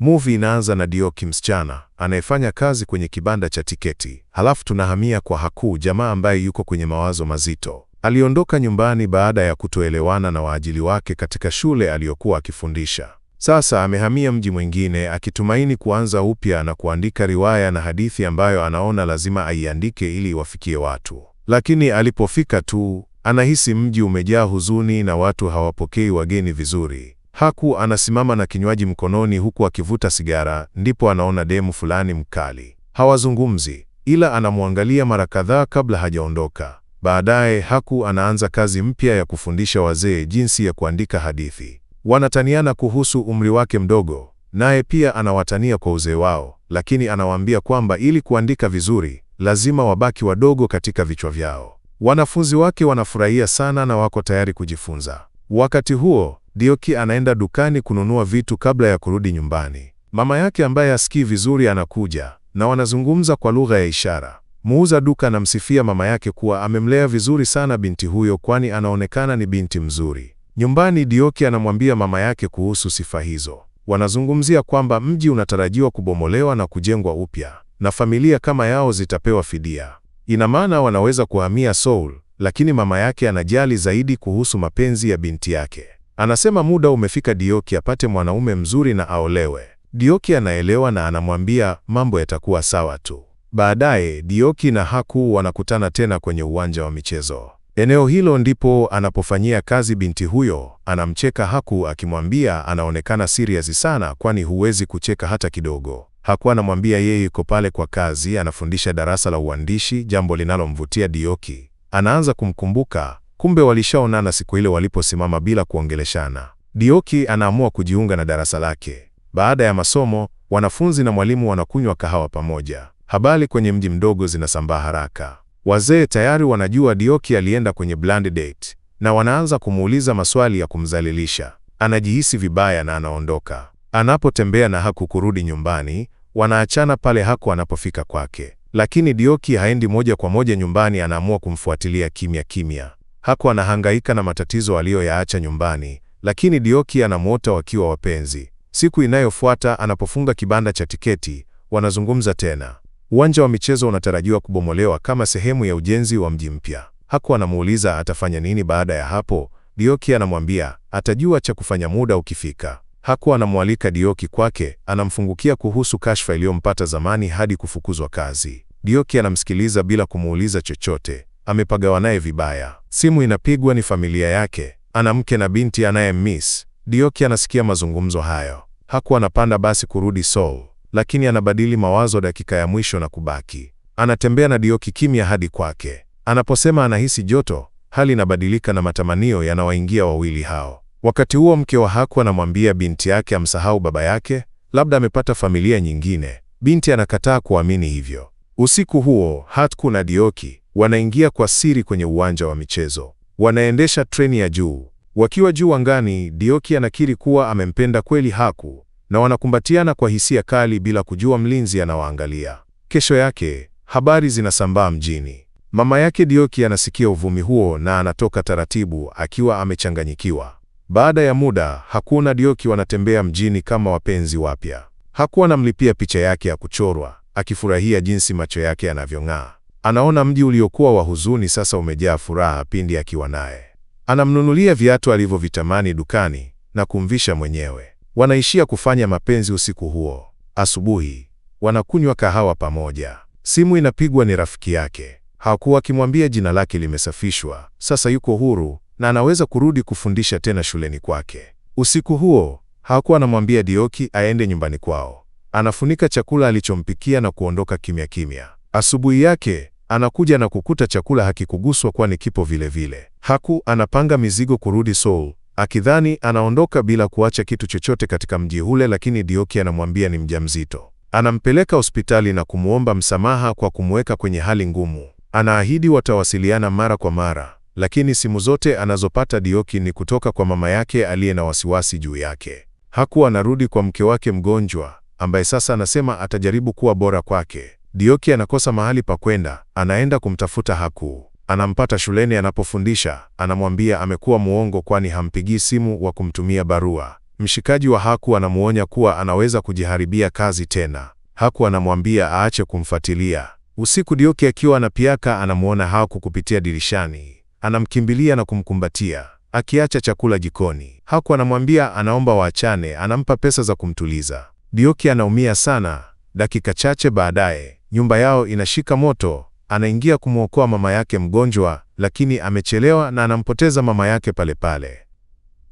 Movie inaanza na Dioki, msichana anayefanya kazi kwenye kibanda cha tiketi, halafu tunahamia kwa Haku, jamaa ambaye yuko kwenye mawazo mazito. Aliondoka nyumbani baada ya kutoelewana na waajili wake katika shule aliyokuwa akifundisha. Sasa amehamia mji mwingine akitumaini kuanza upya na kuandika riwaya na hadithi ambayo anaona lazima aiandike ili iwafikie watu. Lakini alipofika tu, anahisi mji umejaa huzuni na watu hawapokei wageni vizuri. Haku anasimama na kinywaji mkononi huku akivuta sigara, ndipo anaona demu fulani mkali. Hawazungumzi, ila anamwangalia mara kadhaa kabla hajaondoka. Baadaye Haku anaanza kazi mpya ya kufundisha wazee jinsi ya kuandika hadithi. Wanataniana kuhusu umri wake mdogo, naye pia anawatania kwa uzee wao, lakini anawaambia kwamba ili kuandika vizuri, lazima wabaki wadogo katika vichwa vyao. Wanafunzi wake wanafurahia sana na wako tayari kujifunza. Wakati huo Dioki anaenda dukani kununua vitu kabla ya kurudi nyumbani. Mama yake ambaye asikii vizuri anakuja na wanazungumza kwa lugha ya ishara. Muuza duka anamsifia mama yake kuwa amemlea vizuri sana binti huyo, kwani anaonekana ni binti mzuri. Nyumbani, Dioki anamwambia mama yake kuhusu sifa hizo. Wanazungumzia kwamba mji unatarajiwa kubomolewa na kujengwa upya na familia kama yao zitapewa fidia. Ina maana wanaweza kuhamia Seoul, lakini mama yake anajali zaidi kuhusu mapenzi ya binti yake. Anasema muda umefika Dioki apate mwanaume mzuri na aolewe. Dioki anaelewa na anamwambia mambo yatakuwa sawa tu. Baadaye Dioki na Haku wanakutana tena kwenye uwanja wa michezo. Eneo hilo ndipo anapofanyia kazi binti huyo. Anamcheka Haku akimwambia anaonekana serious sana, kwani huwezi kucheka hata kidogo. Haku anamwambia yeye yuko pale kwa kazi, anafundisha darasa la uandishi, jambo linalomvutia Dioki. Anaanza kumkumbuka Kumbe walishaonana siku ile waliposimama bila kuongeleshana. Dioki anaamua kujiunga na darasa lake. Baada ya masomo, wanafunzi na mwalimu wanakunywa kahawa pamoja. Habari kwenye mji mdogo zinasambaa haraka. Wazee tayari wanajua Dioki alienda kwenye blind date na wanaanza kumuuliza maswali ya kumzalilisha. Anajihisi vibaya na anaondoka. Anapotembea na Haku kurudi nyumbani, wanaachana pale Haku anapofika kwake, lakini Dioki haendi moja kwa moja nyumbani, anaamua kumfuatilia kimya kimya. Hakuwa anahangaika na matatizo aliyoyaacha nyumbani, lakini Dioki anamwota wakiwa wapenzi. Siku inayofuata anapofunga kibanda cha tiketi, wanazungumza tena. Uwanja wa michezo unatarajiwa kubomolewa kama sehemu ya ujenzi wa mji mpya. Haku anamuuliza atafanya nini baada ya hapo. Dioki anamwambia atajua cha kufanya muda ukifika. Haku anamwalika Dioki kwake, anamfungukia kuhusu kashfa iliyompata zamani hadi kufukuzwa kazi. Dioki anamsikiliza bila kumuuliza chochote amepagawa naye vibaya. Simu inapigwa, ni familia yake, ana mke na binti anayemmiss. Dioki anasikia mazungumzo hayo. Hakuwa anapanda basi kurudi Seoul, lakini anabadili mawazo dakika ya mwisho na kubaki. Anatembea na Dioki kimya hadi kwake. Anaposema anahisi joto, hali inabadilika na matamanio yanawaingia wawili hao. Wakati huo mke wa Haku anamwambia binti yake amsahau baba yake, labda amepata familia nyingine. Binti anakataa kuamini hivyo. Usiku huo Hatku na Dioki Wanaingia kwa siri kwenye uwanja wa michezo, wanaendesha treni ya juu. Wakiwa juu angani, Dioki anakiri kuwa amempenda kweli Haku na wanakumbatiana kwa hisia kali bila kujua mlinzi anawaangalia. Kesho yake habari zinasambaa mjini. Mama yake Dioki anasikia uvumi huo na anatoka taratibu akiwa amechanganyikiwa. Baada ya muda, Haku na Dioki wanatembea mjini kama wapenzi wapya. Haku anamlipia picha yake ya kuchorwa, akifurahia jinsi macho yake yanavyong'aa. Anaona mji uliokuwa wa huzuni sasa umejaa furaha pindi akiwa naye. Anamnunulia viatu alivyovitamani dukani na kumvisha mwenyewe. Wanaishia kufanya mapenzi usiku huo. Asubuhi wanakunywa kahawa pamoja. Simu inapigwa, ni rafiki yake. Hakuwa akimwambia jina lake limesafishwa, sasa yuko huru na anaweza kurudi kufundisha tena shuleni kwake. Usiku huo hakuwa anamwambia Dioki aende nyumbani kwao. Anafunika chakula alichompikia na kuondoka kimya kimya. Asubuhi yake Anakuja na kukuta chakula hakikuguswa kwani kipo vilevile vile. Haku anapanga mizigo kurudi Seoul akidhani anaondoka bila kuacha kitu chochote katika mji ule, lakini Dioki anamwambia ni mjamzito. Anampeleka hospitali na kumwomba msamaha kwa kumweka kwenye hali ngumu. Anaahidi watawasiliana mara kwa mara, lakini simu zote anazopata Dioki ni kutoka kwa mama yake aliye na wasiwasi juu yake. Haku anarudi kwa mke wake mgonjwa ambaye sasa anasema atajaribu kuwa bora kwake. Dioki anakosa mahali pa kwenda, anaenda kumtafuta Haku. Anampata shuleni anapofundisha, anamwambia amekuwa muongo, kwani hampigii simu wa kumtumia barua. Mshikaji wa Haku anamuonya kuwa anaweza kujiharibia kazi tena. Haku anamwambia aache kumfuatilia. Usiku Dioki akiwa anapiaka anamuona Haku kupitia dirishani, anamkimbilia na kumkumbatia akiacha chakula jikoni. Haku anamwambia anaomba waachane, anampa pesa za kumtuliza. Dioki anaumia sana. Dakika chache baadaye nyumba yao inashika moto. Anaingia kumwokoa mama yake mgonjwa, lakini amechelewa na anampoteza mama yake palepale.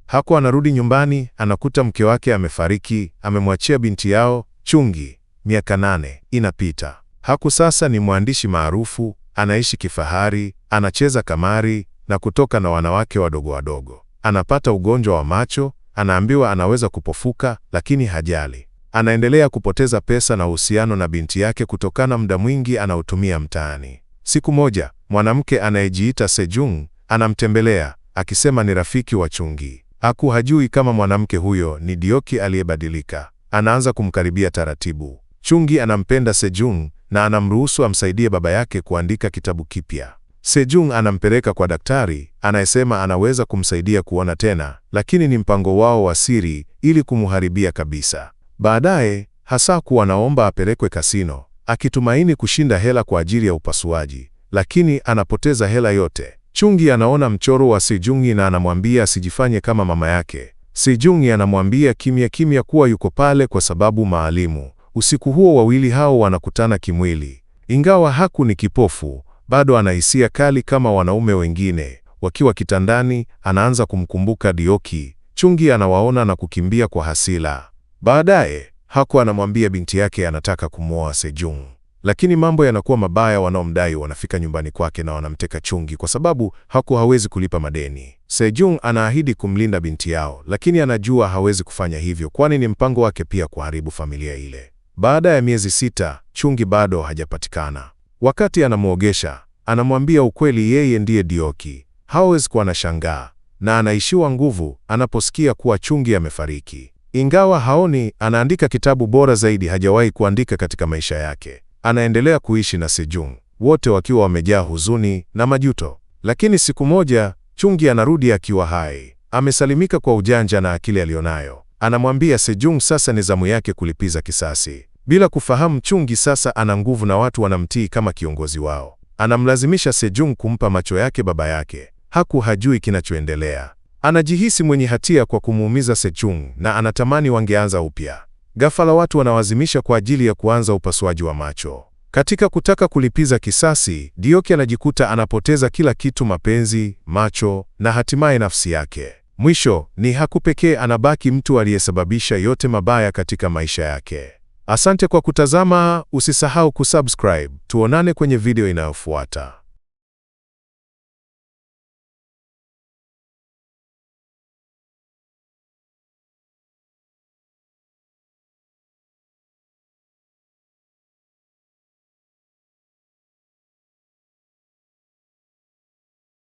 Hako anarudi nyumbani, anakuta mke wake amefariki, amemwachia binti yao Chungi. Miaka nane inapita. Haku sasa ni mwandishi maarufu, anaishi kifahari, anacheza kamari na kutoka na wanawake wadogo wadogo. Anapata ugonjwa wa macho, anaambiwa anaweza kupofuka, lakini hajali. Anaendelea kupoteza pesa na uhusiano na binti yake kutokana muda mwingi anaotumia mtaani. Siku moja, mwanamke anayejiita Sejung anamtembelea akisema ni rafiki wa Chungi. Aku hajui kama mwanamke huyo ni Dioki aliyebadilika. Anaanza kumkaribia taratibu. Chungi anampenda Sejung na anamruhusu amsaidie baba yake kuandika kitabu kipya. Sejung anampeleka kwa daktari anayesema anaweza kumsaidia kuona tena, lakini ni mpango wao wa siri ili kumharibia kabisa. Baadaye Hasaku anaomba apelekwe kasino, akitumaini kushinda hela kwa ajili ya upasuaji, lakini anapoteza hela yote. Chungi anaona mchoro wa Sejungi na anamwambia asijifanye kama mama yake. Sejungi anamwambia kimya kimya kuwa yuko pale kwa sababu maalimu. Usiku huo wawili hao wanakutana kimwili. Ingawa Haku ni kipofu, bado anahisia kali kama wanaume wengine. Wakiwa kitandani, anaanza kumkumbuka Dioki. Chungi anawaona na kukimbia kwa hasila. Baadaye Haku anamwambia binti yake anataka kumwoa Sejong, lakini mambo yanakuwa mabaya. Wanaomdai wanafika nyumbani kwake na wanamteka chungi, kwa sababu Haku hawezi kulipa madeni. Sejong anaahidi kumlinda binti yao, lakini anajua hawezi kufanya hivyo, kwani ni mpango wake pia kuharibu familia ile. Baada ya miezi sita, chungi bado hajapatikana. Wakati anamwogesha, anamwambia ukweli, yeye ndiye Dioki. Hawezi kuwa na shangaa na anaishiwa nguvu anaposikia kuwa chungi amefariki. Ingawa haoni anaandika kitabu bora zaidi hajawahi kuandika katika maisha yake, anaendelea kuishi na Sejong, wote wakiwa wamejaa huzuni na majuto. Lakini siku moja Chungi anarudi akiwa hai, amesalimika kwa ujanja na akili aliyonayo. Anamwambia Sejong sasa ni zamu yake kulipiza kisasi, bila kufahamu Chungi sasa ana nguvu na watu wanamtii kama kiongozi wao. Anamlazimisha Sejong kumpa macho yake baba yake, haku hajui kinachoendelea. Anajihisi mwenye hatia kwa kumuumiza Sechung na anatamani wangeanza upya. Ghafla watu wanawazimisha kwa ajili ya kuanza upasuaji wa macho. Katika kutaka kulipiza kisasi, Dioki anajikuta anapoteza kila kitu: mapenzi, macho na hatimaye nafsi yake. Mwisho ni Haku pekee anabaki mtu aliyesababisha yote mabaya katika maisha yake. Asante kwa kutazama, usisahau kusubscribe. Tuonane kwenye video inayofuata.